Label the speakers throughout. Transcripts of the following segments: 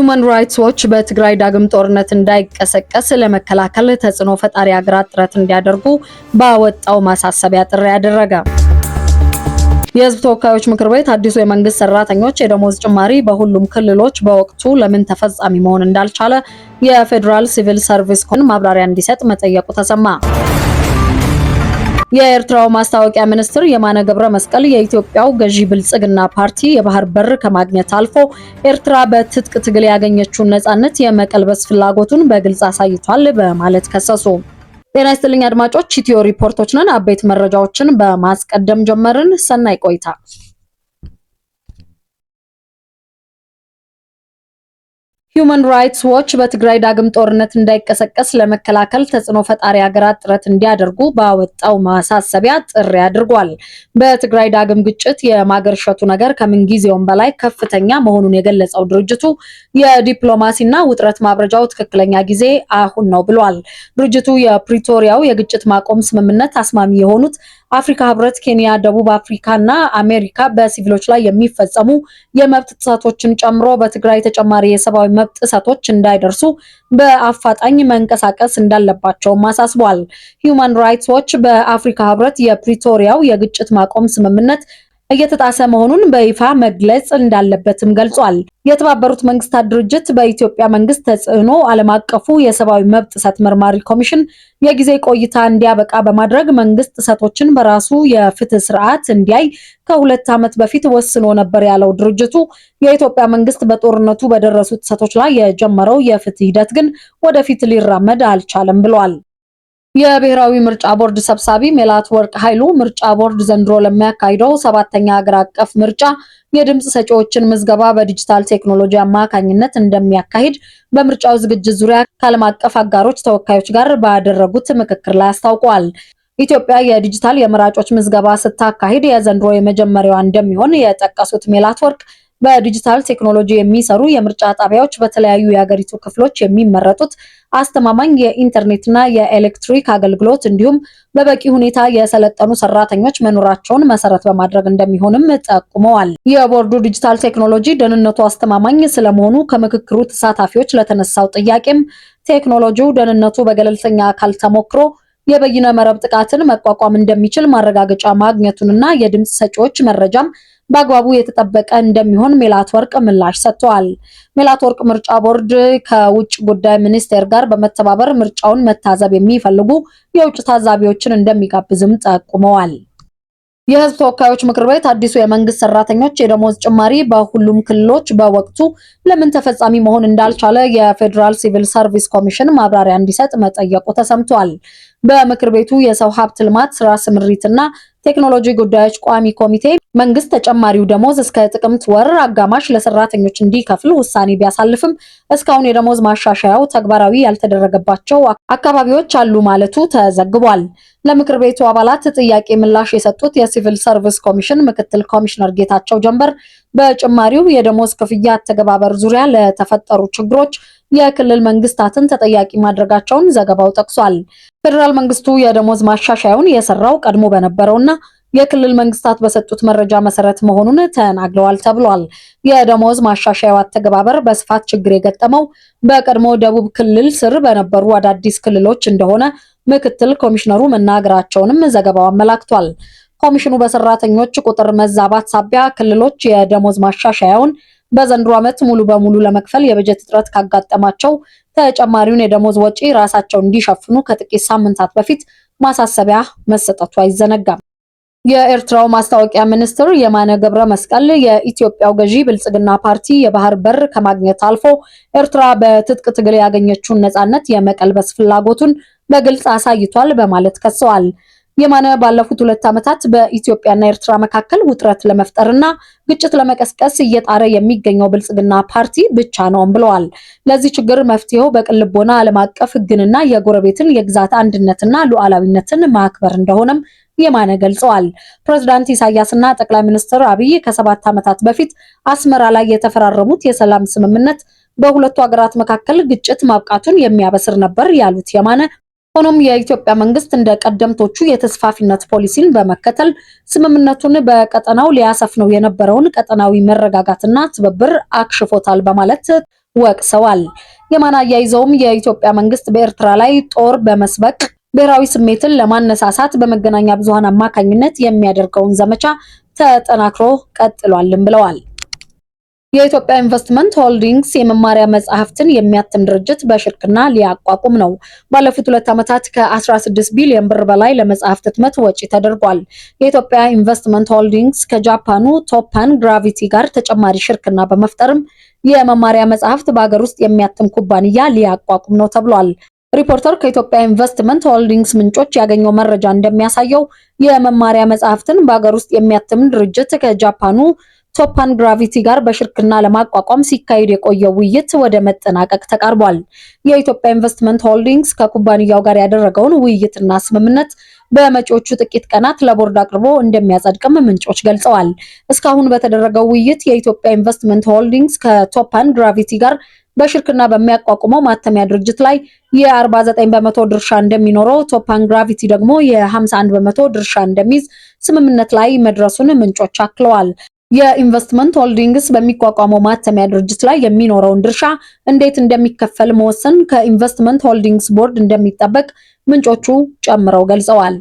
Speaker 1: ሂዩማን ራይትስ ዎች በትግራይ ዳግም ጦርነት እንዳይቀሰቀስ ለመከላከል ተጽዕኖ ፈጣሪ ሀገራት ጥረት እንዲያደርጉ ባወጣው ማሳሰቢያ ጥሪ አደረገ። የህዝብ ተወካዮች ምክር ቤት አዲሱ የመንግስት ሰራተኞች የደሞዝ ጭማሪ በሁሉም ክልሎች በወቅቱ ለምን ተፈጻሚ መሆን እንዳልቻለ የፌዴራል ሲቪል ሰርቪስ ኮሚሽን ማብራሪያ እንዲሰጥ መጠየቁ ተሰማ። የኤርትራው ማስታወቂያ ሚኒስትር የማነ ገብረ መስቀል የኢትዮጵያው ገዢ ብልጽግና ፓርቲ የባህር በር ከማግኘት አልፎ ኤርትራ በትጥቅ ትግል ያገኘችውን ነጻነት የመቀልበስ ፍላጎቱን በግልጽ አሳይቷል በማለት ከሰሱ። ጤና ይስጥልኝ አድማጮች፣ ኢትዮ ሪፖርቶች ነን። አበይት መረጃዎችን በማስቀደም ጀመርን። ሰናይ ቆይታ ሂውማን ራይትስ ዎች በትግራይ ዳግም ጦርነት እንዳይቀሰቀስ ለመከላከል ተጽዕኖ ፈጣሪ ሀገራት ጥረት እንዲያደርጉ ባወጣው ማሳሰቢያ ጥሪ አድርጓል። በትግራይ ዳግም ግጭት የማገርሸቱ ነገር ከምንጊዜውም በላይ ከፍተኛ መሆኑን የገለጸው ድርጅቱ የዲፕሎማሲና ውጥረት ማብረጃው ትክክለኛ ጊዜ አሁን ነው ብሏል። ድርጅቱ የፕሪቶሪያው የግጭት ማቆም ስምምነት አስማሚ የሆኑት አፍሪካ ህብረት፣ ኬንያ፣ ደቡብ አፍሪካ እና አሜሪካ በሲቪሎች ላይ የሚፈጸሙ የመብት ጥሰቶችን ጨምሮ በትግራይ ተጨማሪ የሰብአዊ መብት ጥሰቶች እንዳይደርሱ በአፋጣኝ መንቀሳቀስ እንዳለባቸውም አሳስቧል። ሂዩማን ራይትስ ዎች በአፍሪካ ህብረት የፕሪቶሪያው የግጭት ማቆም ስምምነት እየተጣሰ መሆኑን በይፋ መግለጽ እንዳለበትም ገልጿል። የተባበሩት መንግስታት ድርጅት በኢትዮጵያ መንግስት ተጽዕኖ ዓለም አቀፉ የሰብአዊ መብት ጥሰት መርማሪ ኮሚሽን የጊዜ ቆይታ እንዲያበቃ በማድረግ መንግስት ጥሰቶችን በራሱ የፍትህ ስርዓት እንዲያይ ከሁለት ዓመት በፊት ወስኖ ነበር ያለው ድርጅቱ የኢትዮጵያ መንግስት በጦርነቱ በደረሱ ጥሰቶች ላይ የጀመረው የፍትህ ሂደት ግን ወደፊት ሊራመድ አልቻለም ብሏል። የብሔራዊ ምርጫ ቦርድ ሰብሳቢ ወርቅ ኃይሉ ምርጫ ቦርድ ዘንድሮ ለሚያካሂደው ሰባተኛ ሀገር አቀፍ ምርጫ የድምፅ ሰጪዎችን ምዝገባ በዲጂታል ቴክኖሎጂ አማካኝነት እንደሚያካሂድ በምርጫው ዝግጅት ዙሪያ ከዓለም አቀፍ አጋሮች ተወካዮች ጋር ባደረጉት ምክክር ላይ አስታውቋል። ኢትዮጵያ የዲጂታል የመራጮች ምዝገባ ስታካሂድ የዘንድሮ የመጀመሪያዋ እንደሚሆን የጠቀሱት ሜላት ወርቅ በዲጂታል ቴክኖሎጂ የሚሰሩ የምርጫ ጣቢያዎች በተለያዩ የሀገሪቱ ክፍሎች የሚመረጡት አስተማማኝ የኢንተርኔትና የኤሌክትሪክ አገልግሎት እንዲሁም በበቂ ሁኔታ የሰለጠኑ ሰራተኞች መኖራቸውን መሰረት በማድረግ እንደሚሆንም ጠቁመዋል። የቦርዱ ዲጂታል ቴክኖሎጂ ደህንነቱ አስተማማኝ ስለመሆኑ ከምክክሩ ተሳታፊዎች ለተነሳው ጥያቄም ቴክኖሎጂው ደህንነቱ በገለልተኛ አካል ተሞክሮ የበይነ መረብ ጥቃትን መቋቋም እንደሚችል ማረጋገጫ ማግኘቱንና የድምፅ ሰጪዎች መረጃም በአግባቡ የተጠበቀ እንደሚሆን ሜላት ወርቅ ምላሽ ሰጥቷል። ሜላት ወርቅ ምርጫ ቦርድ ከውጭ ጉዳይ ሚኒስቴር ጋር በመተባበር ምርጫውን መታዘብ የሚፈልጉ የውጭ ታዛቢዎችን እንደሚጋብዝም ጠቁመዋል። የህዝብ ተወካዮች ምክር ቤት አዲሱ የመንግስት ሰራተኞች የደሞዝ ጭማሪ በሁሉም ክልሎች በወቅቱ ለምን ተፈጻሚ መሆን እንዳልቻለ የፌዴራል ሲቪል ሰርቪስ ኮሚሽን ማብራሪያ እንዲሰጥ መጠየቁ ተሰምቷል። በምክር ቤቱ የሰው ሀብት ልማት ስራ ስምሪትና ቴክኖሎጂ ጉዳዮች ቋሚ ኮሚቴ መንግስት ተጨማሪው ደሞዝ እስከ ጥቅምት ወር አጋማሽ ለሰራተኞች እንዲከፍል ውሳኔ ቢያሳልፍም እስካሁን የደሞዝ ማሻሻያው ተግባራዊ ያልተደረገባቸው አካባቢዎች አሉ ማለቱ ተዘግቧል። ለምክር ቤቱ አባላት ጥያቄ ምላሽ የሰጡት የሲቪል ሰርቪስ ኮሚሽን ምክትል ኮሚሽነር ጌታቸው ጀንበር በጭማሪው የደሞዝ ክፍያ አተገባበር ዙሪያ ለተፈጠሩ ችግሮች የክልል መንግስታትን ተጠያቂ ማድረጋቸውን ዘገባው ጠቅሷል። ፌዴራል መንግስቱ የደሞዝ ማሻሻያውን የሰራው ቀድሞ በነበረውና የክልል መንግስታት በሰጡት መረጃ መሰረት መሆኑን ተናግረዋል ተብሏል። የደሞዝ ማሻሻያው አተገባበር በስፋት ችግር የገጠመው በቀድሞ ደቡብ ክልል ስር በነበሩ አዳዲስ ክልሎች እንደሆነ ምክትል ኮሚሽነሩ መናገራቸውንም ዘገባው አመላክቷል። ኮሚሽኑ በሰራተኞች ቁጥር መዛባት ሳቢያ ክልሎች የደሞዝ ማሻሻያውን በዘንድሮ ዓመት ሙሉ በሙሉ ለመክፈል የበጀት እጥረት ካጋጠማቸው ተጨማሪውን የደሞዝ ወጪ ራሳቸው እንዲሸፍኑ ከጥቂት ሳምንታት በፊት ማሳሰቢያ መሰጠቱ አይዘነጋም። የኤርትራው ማስታወቂያ ሚኒስትር የማነ ገብረ መስቀል የኢትዮጵያው ገዢ ብልጽግና ፓርቲ የባህር በር ከማግኘት አልፎ ኤርትራ በትጥቅ ትግል ያገኘችውን ነጻነት የመቀልበስ ፍላጎቱን በግልጽ አሳይቷል በማለት ከሰዋል። የማነ ባለፉት ሁለት ዓመታት በኢትዮጵያና ኤርትራ መካከል ውጥረት ለመፍጠርና ግጭት ለመቀስቀስ እየጣረ የሚገኘው ብልጽግና ፓርቲ ብቻ ነውም ብለዋል። ለዚህ ችግር መፍትሄው በቅልቦና ዓለም አቀፍ ሕግንና የጎረቤትን የግዛት አንድነትና ሉዓላዊነትን ማክበር እንደሆነም የማነ ገልጸዋል። ፕሬዝዳንት ኢሳያስና ጠቅላይ ሚኒስትር አብይ ከሰባት ዓመታት በፊት አስመራ ላይ የተፈራረሙት የሰላም ስምምነት በሁለቱ ሀገራት መካከል ግጭት ማብቃቱን የሚያበስር ነበር ያሉት የማነ ሆኖም የኢትዮጵያ መንግስት እንደ ቀደምቶቹ የተስፋፊነት ፖሊሲን በመከተል ስምምነቱን በቀጠናው ሊያሰፍነው የነበረውን ቀጠናዊ መረጋጋትና ትብብር አክሽፎታል በማለት ወቅሰዋል። የማን አያይዘውም የኢትዮጵያ መንግስት በኤርትራ ላይ ጦር በመስበቅ ብሔራዊ ስሜትን ለማነሳሳት በመገናኛ ብዙሃን አማካኝነት የሚያደርገውን ዘመቻ ተጠናክሮ ቀጥሏልም ብለዋል። የኢትዮጵያ ኢንቨስትመንት ሆልዲንግስ የመማሪያ መጽሐፍትን የሚያትም ድርጅት በሽርክና ሊያቋቁም ነው። ባለፉት ሁለት ዓመታት ከ16 ቢሊዮን ብር በላይ ለመጽሐፍት ህትመት ወጪ ተደርጓል። የኢትዮጵያ ኢንቨስትመንት ሆልዲንግስ ከጃፓኑ ቶፓን ግራቪቲ ጋር ተጨማሪ ሽርክና በመፍጠርም የመማሪያ መጽሐፍት በሀገር ውስጥ የሚያትም ኩባንያ ሊያቋቁም ነው ተብሏል። ሪፖርተር ከኢትዮጵያ ኢንቨስትመንት ሆልዲንግስ ምንጮች ያገኘው መረጃ እንደሚያሳየው የመማሪያ መጽሐፍትን በሀገር ውስጥ የሚያትም ድርጅት ከጃፓኑ ቶፓን ግራቪቲ ጋር በሽርክና ለማቋቋም ሲካሄድ የቆየው ውይይት ወደ መጠናቀቅ ተቃርቧል። የኢትዮጵያ ኢንቨስትመንት ሆልዲንግስ ከኩባንያው ጋር ያደረገውን ውይይትና ስምምነት በመጪዎቹ ጥቂት ቀናት ለቦርድ አቅርቦ እንደሚያጸድቅም ምንጮች ገልጸዋል። እስካሁን በተደረገው ውይይት የኢትዮጵያ ኢንቨስትመንት ሆልዲንግስ ከቶፓን ግራቪቲ ጋር በሽርክና በሚያቋቁመው ማተሚያ ድርጅት ላይ የ49 በመቶ ድርሻ እንደሚኖረው ቶፓን ግራቪቲ ደግሞ የ51 በመቶ ድርሻ እንደሚይዝ ስምምነት ላይ መድረሱን ምንጮች አክለዋል። የኢንቨስትመንት ሆልዲንግስ በሚቋቋመው ማተሚያ ድርጅት ላይ የሚኖረውን ድርሻ እንዴት እንደሚከፈል መወሰን ከኢንቨስትመንት ሆልዲንግስ ቦርድ እንደሚጠበቅ ምንጮቹ ጨምረው ገልጸዋል።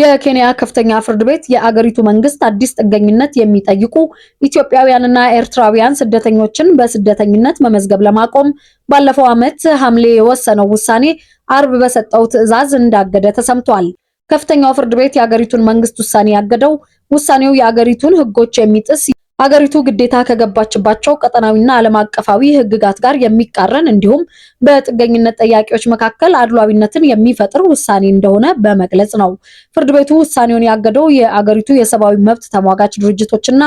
Speaker 1: የኬንያ ከፍተኛ ፍርድ ቤት የአገሪቱ መንግስት አዲስ ጥገኝነት የሚጠይቁ ኢትዮጵያውያንና ኤርትራውያን ስደተኞችን በስደተኝነት መመዝገብ ለማቆም ባለፈው ዓመት ሐምሌ የወሰነው ውሳኔ አርብ በሰጠው ትዕዛዝ እንዳገደ ተሰምቷል። ከፍተኛው ፍርድ ቤት የአገሪቱን መንግስት ውሳኔ ያገደው ውሳኔው የአገሪቱን ህጎች የሚጥስ አገሪቱ ግዴታ ከገባችባቸው ቀጠናዊና ዓለም አቀፋዊ ህግጋት ጋር የሚቃረን እንዲሁም በጥገኝነት ጠያቂዎች መካከል አድሏዊነትን የሚፈጥር ውሳኔ እንደሆነ በመግለጽ ነው። ፍርድ ቤቱ ውሳኔውን ያገደው የአገሪቱ የሰብአዊ መብት ተሟጋች ድርጅቶችና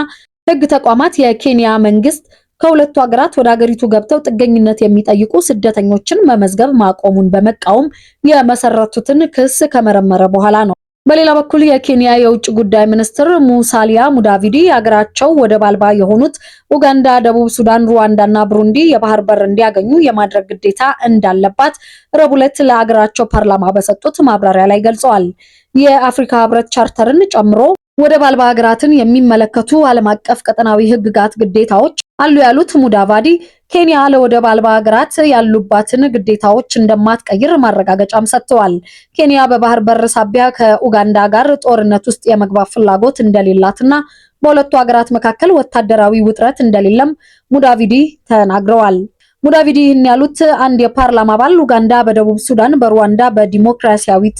Speaker 1: ህግ ተቋማት የኬንያ መንግስት ከሁለቱ ሀገራት ወደ ሀገሪቱ ገብተው ጥገኝነት የሚጠይቁ ስደተኞችን መመዝገብ ማቆሙን በመቃወም የመሰረቱትን ክስ ከመረመረ በኋላ ነው። በሌላ በኩል የኬንያ የውጭ ጉዳይ ሚኒስትር ሙሳሊያ ሙዳቪዲ የሀገራቸው ወደብ አልባ የሆኑት ኡጋንዳ፣ ደቡብ ሱዳን፣ ሩዋንዳና ብሩንዲ የባህር በር እንዲያገኙ የማድረግ ግዴታ እንዳለባት ረቡዕ ዕለት ለሀገራቸው ፓርላማ በሰጡት ማብራሪያ ላይ ገልጸዋል። የአፍሪካ ህብረት ቻርተርን ጨምሮ ወደብ አልባ ሀገራትን የሚመለከቱ ዓለም አቀፍ ቀጠናዊ ህግጋት ግዴታዎች አሉ ያሉት ሙዳቫዲ ኬንያ ለወደብ አልባ ሀገራት ያሉባትን ግዴታዎች እንደማትቀይር ማረጋገጫም ሰጥተዋል። ኬንያ በባህር በር ሳቢያ ከኡጋንዳ ጋር ጦርነት ውስጥ የመግባት ፍላጎት እንደሌላትና በሁለቱ ሀገራት መካከል ወታደራዊ ውጥረት እንደሌለም ሙዳቪዲ ተናግረዋል። ሙዳቪዲ ይህን ያሉት አንድ የፓርላማ አባል ኡጋንዳ በደቡብ ሱዳን፣ በሩዋንዳ በዲሞክራሲያዊት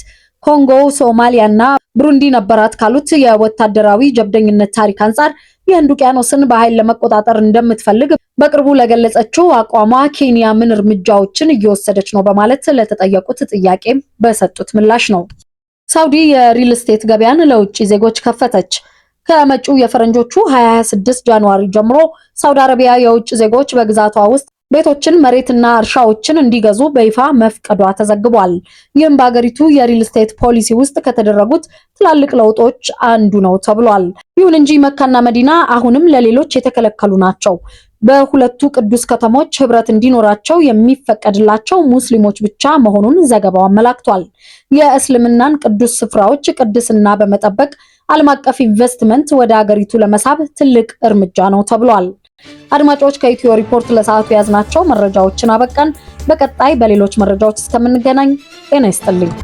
Speaker 1: ኮንጎ፣ ሶማሊያና ብሩንዲ ነበራት ካሉት የወታደራዊ ጀብደኝነት ታሪክ አንጻር የህንድ ውቅያኖስን በኃይል ለመቆጣጠር እንደምትፈልግ በቅርቡ ለገለጸችው አቋሟ ኬንያ ምን እርምጃዎችን እየወሰደች ነው በማለት ለተጠየቁት ጥያቄ በሰጡት ምላሽ ነው። ሳውዲ የሪል ስቴት ገበያን ለውጭ ዜጎች ከፈተች። ከመጪው የፈረንጆቹ 26 ጃንዋሪ ጀምሮ ሳውዲ አረቢያ የውጭ ዜጎች በግዛቷ ውስጥ ቤቶችን መሬትና እርሻዎችን እንዲገዙ በይፋ መፍቀዷ ተዘግቧል። ይህም በሀገሪቱ የሪል ስቴት ፖሊሲ ውስጥ ከተደረጉት ትላልቅ ለውጦች አንዱ ነው ተብሏል። ይሁን እንጂ መካና መዲና አሁንም ለሌሎች የተከለከሉ ናቸው። በሁለቱ ቅዱስ ከተሞች ህብረት እንዲኖራቸው የሚፈቀድላቸው ሙስሊሞች ብቻ መሆኑን ዘገባው አመላክቷል። የእስልምናን ቅዱስ ስፍራዎች ቅድስና በመጠበቅ ዓለም አቀፍ ኢንቨስትመንት ወደ አገሪቱ ለመሳብ ትልቅ እርምጃ ነው ተብሏል። አድማጮች ከኢትዮ ሪፖርት ለሰዓቱ የያዝናቸው መረጃዎችን አበቃን። በቀጣይ በሌሎች መረጃዎች እስከምንገናኝ ጤና ይስጥልኝ።